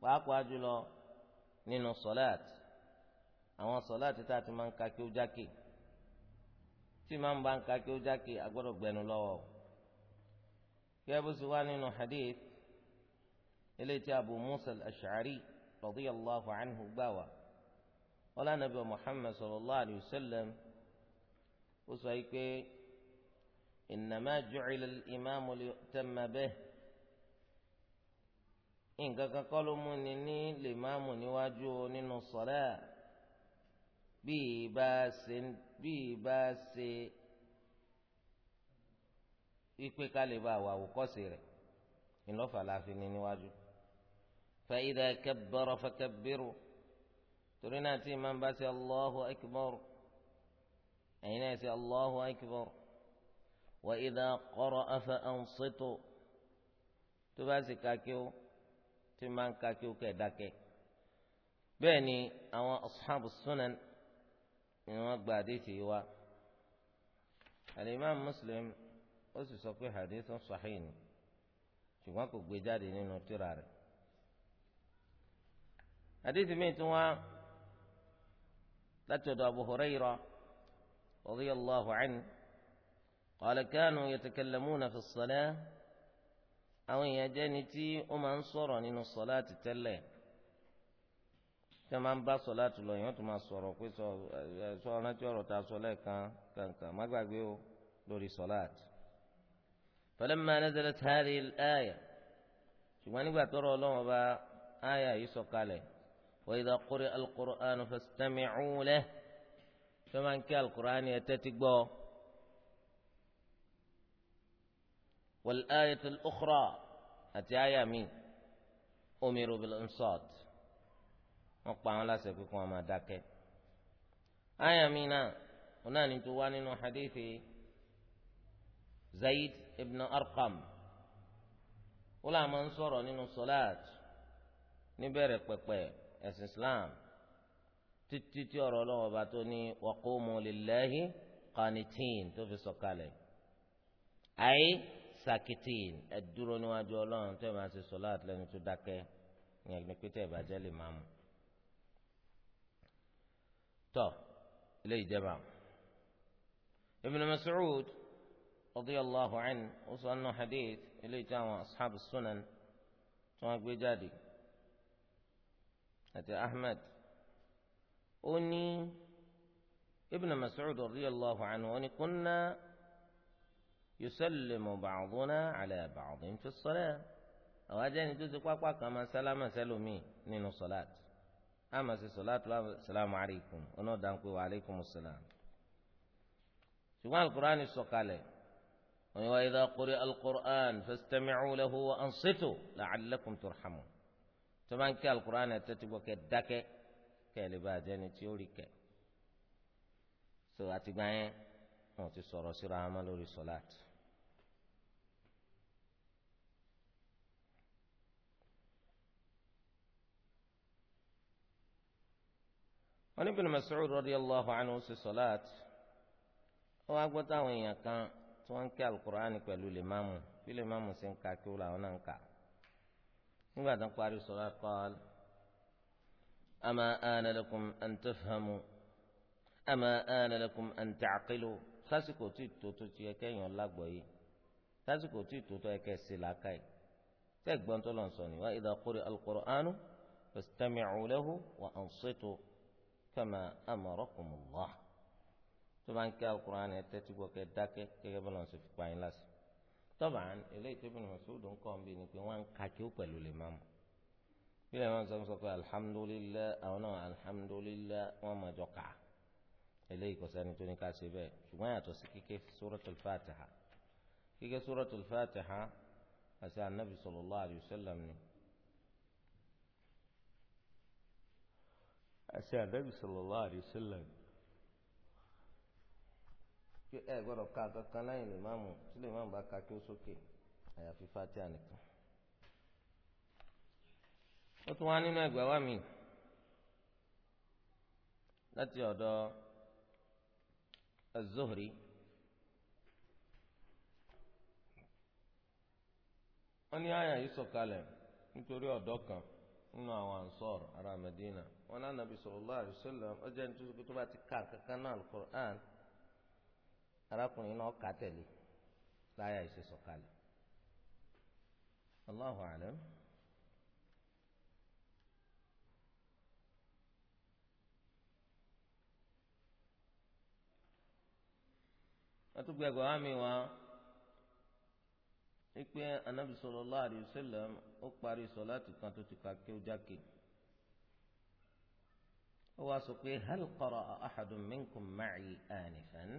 pàápàá jùlọ nínú sọ́láàtì àwọn sọ́láàtì tá a ti máa ń ka kí ó jákè tí màá bá ń ka kí ó jákè agbọ́dọ̀ gbẹnu lọ́wọ́ kí ẹbí sì wá nínú hadith eléyìí tí abu musa al-ash'ari radiyallahu anhu gbà wá ọlá nàbí muhammad sallallahu alayhi wa sallam ó sọ yìí pé innama ju'ila al-imamu liyu'tamma bihi nǹkan kan kọ́ ló mú ni ní lèmáàmù níwájú nínú sọ́lẹ́ẹ̀ bí ìbá ṣe bí ìbá ṣe ipe kálíbà wà àwòkọ́sì rẹ̀ ńlọ́fà láàfin ní níwájú. fa idha kabbara fakabbiru torí náà tí ìmáà bá ṣe allahu akbar ẹ̀yin náà ṣe allahu akbar wa idha qara'a fa ansitu tó bá ṣe kakíw tí ìmáà ń kẹ̀ dákẹ́. bẹ́ẹ̀ ni àwọn ashabu sunan ni wọ́n gba àdéhìí wa alimam muslim ó sì sọ pé hadithun sahih ni ṣùgbọ́n kò gbé jáde nínú tírà rẹ̀ àdéhìí mi tún wá látọ̀dọ̀ abu hurairah radiyallahu anhu qala kanu yatakallamuna fi as-salah àwọn èèyàn jẹ́ni tí ó máa ń sọ̀rọ̀ nínú sọlá ti tẹ́lẹ̀. tí wọn máa ń bá sọ láti lọ yìí tó máa sọ̀rọ̀ pé sọ sọ rántí ọ̀rọ̀ tá sọ lẹ́ẹ̀kan kankan má gbàgbé o lórí sọ láti. sọláàtì. máa ní hadhihi al-aya ṣùgbọ́n nígbà tọrọ ọlọ́run ọba ẹyà yìí oba ẹyà yii sọ sokale wa idha quri'a al-Qur'an fastami'u lahu tí wọn máa ń al yẹn al-Qur'an ẹ tẹ́tí wọ́n ayatu wal-ayatu al-ukhra àti aya mi umiru bil-insat. wọn pa wọn láṣẹ pé kí wọn máa dákẹ́. àyà mi náà wọn náà ní tó wá nínú hadithi Zayd ibn Arqam wọn làwọn máa ń sọ̀rọ̀ nínú sọláàt níbẹ̀rẹ̀ pẹ̀pẹ̀ ẹ̀sìn Islam títí tí ọ̀rọ̀ Ọlọ́run ọba tó ní wa qumu lillahi tó fi sọ̀kalẹ̀ ayé sakitin ẹ̀dúró níwájú Ọlọ́run tó yẹ máa ṣe sọláàt lẹ́nu tó dákẹ́ ìyẹn ní pété ìbàjẹ́ lè máa mú. تا لي دبا ابن مسعود رضي الله عنه وصلنا حديث إلي جاوا أصحاب السنن تواق بجادي أتى أحمد أني ابن مسعود رضي الله عنه أني كنا يسلم بعضنا على بعض في الصلاة أو أجاني جزء كما سلام سلمي نين الصلاه àmà ṣe sọláàtù sàlámù alaykum ọ̀nà ọ̀dà ń pè wà alaykum sàlám. ṣùgbọ́n alukur'an sọ̀kalẹ̀ wọ́n yọ idha quri'a alukur'an fastami'u lahu wa ansitu la'allakum turhamun. tó bá ń kí alukur'an ẹ̀ tẹ́tí gbọ́ kẹ́ dákẹ́ kẹ́ ẹ̀ lè so àtìgbà yẹn wọn ti sọ̀rọ̀ síra ama lórí sọláàtù. wọn ní Ibn Mas'ud radiyallahu anhu ṣe sọláàt wọn wá gbọ́ táwọn èèyàn kan tí wọ́n ń kí alukur'ani pẹ̀lú lèmáàmù bí lèmáàmù ṣe ń ka kí ó làwọn náà ń kà nígbà tó ń parí sọláàt qala ama ana lakum an tafhamu ama ana lakum an ta'qilu sásìkò tí tòótọ́ ti yẹ kẹ́yìn ọlágbọ̀ yìí sásìkò tí tòótọ́ yẹ kẹ́ ṣe làákàyè tẹ́ tó lọ́n sọ ni wa idha quri'a al-Qur'anu fastami'u lahu wa ansitu kama amarakumullah tó bá ń kí alukur'an ẹ tẹ́tí gbọ́ kẹ́ dákẹ́ gẹ́gẹ́ bọ́lá ń sọ fi pa yín lásì tọ́ba eléyìí tó bínú Mas'ud ń kọ́ ń bí ni pé wọ́n ń ka kí ó pẹ̀lú lè máa mọ̀ bí lè máa sọ sọ pé alhamdulillah àwọn náà alhamdulillah wọ́n máa jọ kà á eléyìí kò sẹ́ni tó ní ká ṣe bẹ́ẹ̀ ṣùgbọ́n yàtọ̀ suratul fatiha kíké suratul fatiha àti anabi sallallahu alayhi wa ni. àṣẹ ànábì sallallahu alaihi wasallam ẹ ka kankan lẹ́yìn lè máàmù tí lè máàmù bá ka kí ó sókè àyàfi fatia nìkan. ó tún wá nínú ẹgbẹ́ wa mi láti ọ̀dọ̀ az wọ́n ní àyà yìí sọ̀kalẹ̀ nítorí kan. nínú àwọn ansor ara Medina wọn náà nàbí sallallahu alaihi wasallam ní tuntun tó bá ti ká kankan náà alukur'an arákùnrin náà kà tẹ̀lé láyà ìṣesọ̀kalẹ̀ wípé anabi sallallahu alayhi wa sallam ó parí sọláàtì kan tó ti ka kí ó jákè ó wá sọ pé hal qara'a ahadun minkum ma'i anifan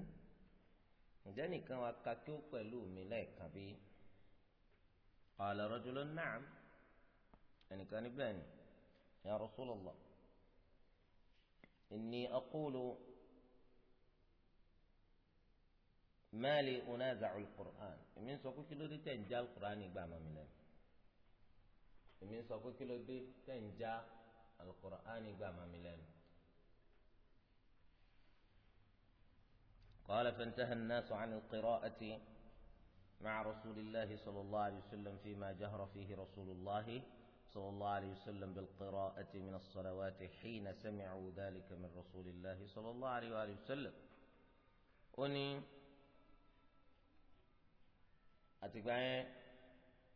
ǹjẹ́ nìkan wá ka kí ó pẹ̀lú mi lẹ́ẹ̀kan bí qala rajulun ẹnìkan níbẹ̀ ni ya rasulallah inni aqulu. máàlì onáza alukur'an èmi ń sọ pé kí ló dé tẹ̀ ń já alukur'an nígbà mọ́ mi lẹ́nu èmi ń sọ pé kí ló dé tẹ̀ ń já alukur'an nígbà mọ́ mi lẹ́nu. قال فانتهى الناس عن القراءة مع رسول الله صلى الله عليه وسلم فيما جهر فيه رسول الله صلى الله عليه وسلم بالقراءة من الصلوات حين سمعوا ذلك من رسول الله صلى الله عليه وآله وسلم أني àtìgbà yẹn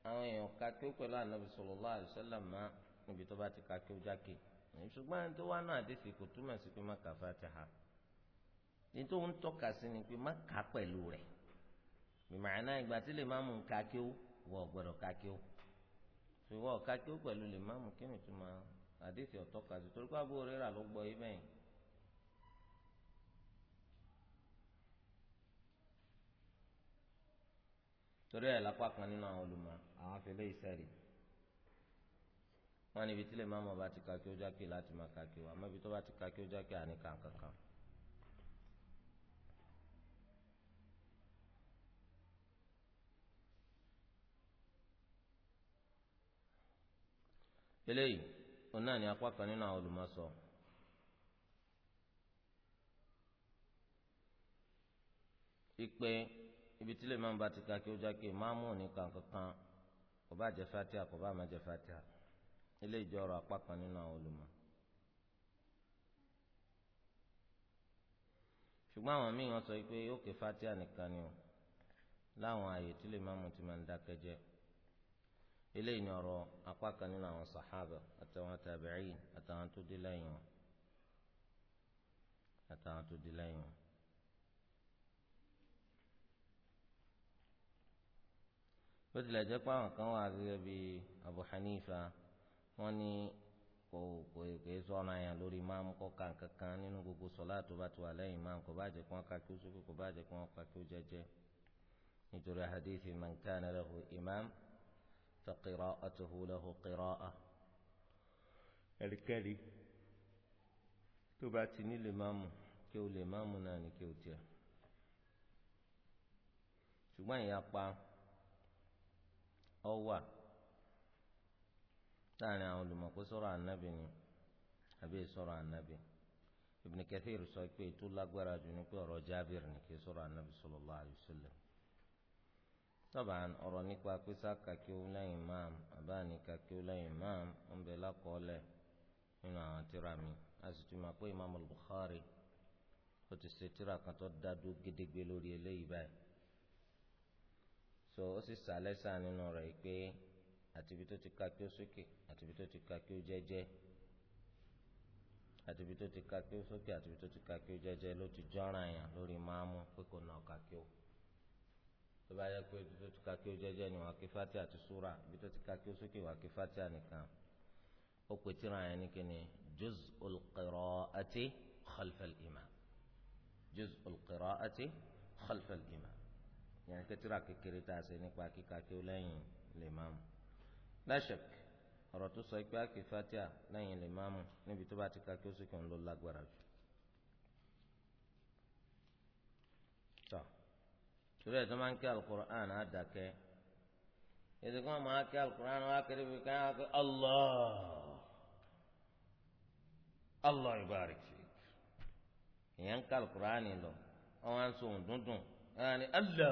àwọn èèyàn kakíw pẹ̀lú ànábì sallallahu alaihi wasallam má níbi tó bá ti kakíw jákè ṣùgbọ́n ẹni tó wá náà àdéhùn kò túmọ̀ sí pé má kà Fatiha ní tó ń tọ́ka sí ni pé má kà pẹ̀lú rẹ̀ bìmọ̀rànà ìgbà tí lè má mú kakíw wọ̀ gbọ́dọ̀ kakíw ṣùgbọ́n kakíw pẹ̀lú lè má mú kí ni túmọ̀ àdéhùn ọ̀tọ́ka sí torí pé àbúrò rẹ̀ rà ló gbọ́ yí bẹ́yìn torí ẹ̀ lápá kan nínú àwọn olùmọ̀ àwọn afẹ́lẹ́ ìsẹ́rì wọn níbi tí lè má mọ̀ bá ti ka kí ó jákè láti má ka kí wa àmọ́ ibi tó bá ti ka kí ó jákè àní kankankan. eléyìí òun náà ní apá kan nínú àwọn olùmọ̀ sọ. ìpè ibi tí lè máa ń ti ka kí ó já kí nìkan kankan kò bá jẹ fatia kò bá jẹ fatia ilé ìjọrọ apá kan nínú àwọn ṣùgbọ́n àwọn míì sọ pé fatia nìkan ni o láwọn ààyè tí lè máàmù ti máa ń dákẹ́ ilé apá kan nínú àwọn sàhábà àtàwọn àtàwọn tó dé bó tilẹ̀ jẹ́ pé àwọn kan wà gẹ́gẹ́ bí Abu Hanifa wọ́n ní kò kò kò é sọ̀rọ̀ àyàn lórí máàmù kọ́ka kankan nínú gbogbo sọ̀lá tó bá ti wà lẹ́yìn máàmù kò bá jẹ́ kí wọ́n ka kí ó sókè kò bá kí wọ́n ka kí ó jẹ́jẹ́ nítorí hadithi man kana lahu imam fa qira'atuhu lahu qira'ah ẹ̀ríkẹ́rí tó bá ti ní lèmáàmù kí o lèmáàmù náà ní kí o tiẹ̀ ṣùgbọ́n ìyapa ọ wà láàrin àwọn olùmọ̀pẹ́ sọ̀rọ̀ ànábì ni àbí sọ̀rọ̀ ànábì Ibn Kathir sọ pé ètò lágbára jù ní pé ọ̀rọ̀ Jábìr ni kì í sọ̀rọ̀ ànábì sallallahu alaihi wasallam tọ́ba ọ̀rọ̀ nípa pẹ́sà kàkíó lẹ́yìn máàm àbáàní kàkíó lẹ́yìn máàm ń bẹ lákọọ́lẹ̀ nínú àwọn tíra mi a sì tún máa pé Imam al ó ti ṣe tíra kan tó dá dó gédégbé lórí eléyìí báyìí so ó sì sàlẹ́sà nínú rẹ̀ pé àtibí tó ti ka kí ó sókè àtibí tó ti ka kí ó jẹ́jẹ́ àtibí tó ti ka kí ó sókè àtibí tó ti ka kí ó jẹ́jẹ́ ló ti jọ́ràn yàn lórí máàmú pé kò nà ọ̀ka kí ó tó bá yẹ pé ibi tó ti ka kí ó jẹ́jẹ́ ni wàá kí fatia ti súra ibi tó ti ka kí ó sókè wàá kí fatia nìkan ó pè tíra yẹn ní kíni juz'ul qira'ati khalfal imam juz'ul qira'ati khalfal imam. yẹn kẹtìrà kékeré tá a ṣe nípa kíka kí ó lẹ́yìn lè máa mú. lẹ́sẹ̀k ọ̀rọ̀ tó sọ pé àkè fatia lẹ́yìn lè máa níbi tó bá ti ka kí ó sì kàn ló lágbára jù. tọ́ torí tó máa ń kí alukur'an á dàkẹ́ ètò kan máa kí alukur'an wá bí kó ibarik ìyẹn ń kí alukur'an lọ ń sọ ẹni ẹlẹ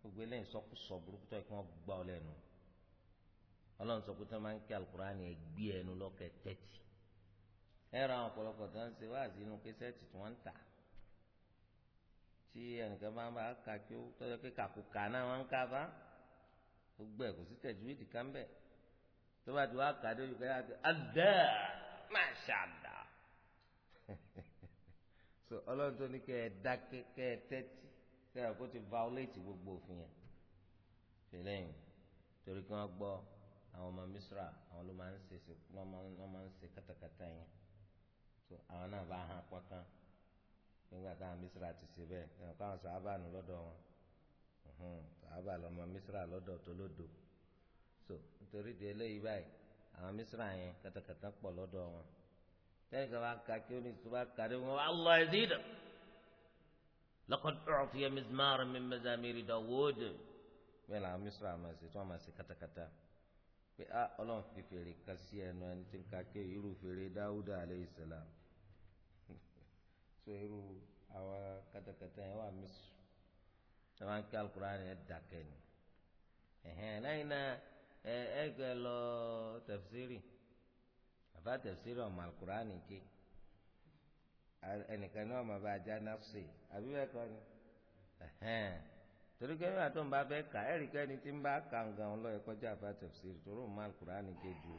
gbogbo eléyìí sọkúsọ burúkú tó yẹ kí wọn gbà ọ lẹ́nu Ọlọ́run sọ pé tó máa ń kí alukurani ẹgbẹ ẹnu lọkẹ tẹtì ẹ ra àwọn ọ̀pọ̀lọpọ̀ tó ń ṣe wá sí inú kẹsẹtì tí wọn ń tà tí ẹnìkan bá ń bá kà tọjọ pé kàkùkà náà wọn ń kà bá gbogbo ẹ kò sí tẹjúwìdì kan bẹ tó bá ti wá kà olùkọ́ yà á ti adá máa ṣàdá so ọlọ́run tó ní kẹ́ ẹ dákẹ́ kẹ́ ẹ tẹ́tí kẹ́ ẹ kó ti violate gbogbo òfin yẹn fìlẹ́yìn torí kí wọ́n gbọ́ àwọn ọmọ misra àwọn ló máa ń ṣe wọ́n máa ń ṣe kátàkátà yẹn so àwọn náà bá hàn pọ́nkán nígbà táwọn misra ti ṣe bẹ́ẹ̀ ẹ̀rọ káwọn sàábà nù lọ́dọ̀ wọn sàábà lọ́mọ misra lọ́dọ̀ tó lódò so nítorí di eléyìí báyìí àwọn misra yẹn kátàkátà pọ̀ lọ́dọ̀ wọn tẹ́lẹ̀ kan bá ka kí ó ní ìṣúra kàdé wọn allah ẹ̀zídà laqad u'tiya mizmaran min mazamiri Dawud bẹ́ẹ̀ làwọn mísírà máa ṣe tí wọ́n máa ṣe katakata pé a ọlọ́run fi fèrè kan sí ẹnu ẹni tí ń ka kí irú fèrè dáúdà aleyhi salam so irú àwọn katakata yẹn wà mísírà ẹ máa ń kí alukur'an yẹn dàkẹ́ ni ẹ̀hẹ́n lẹ́yìn náà ẹ̀ ẹ̀ gbẹ lọ tafsiri àbá tẹ̀síìrì ọmọ alukurani ké ẹnìkan náà ọmọ bá ajá nafsi àbí bẹ́ẹ̀ kọ́ ni torí kẹ́mi àti òun bá fẹ́ kà tí ń bá kà ń gan àbá tẹ̀síìrì torí òun alukurani ké jù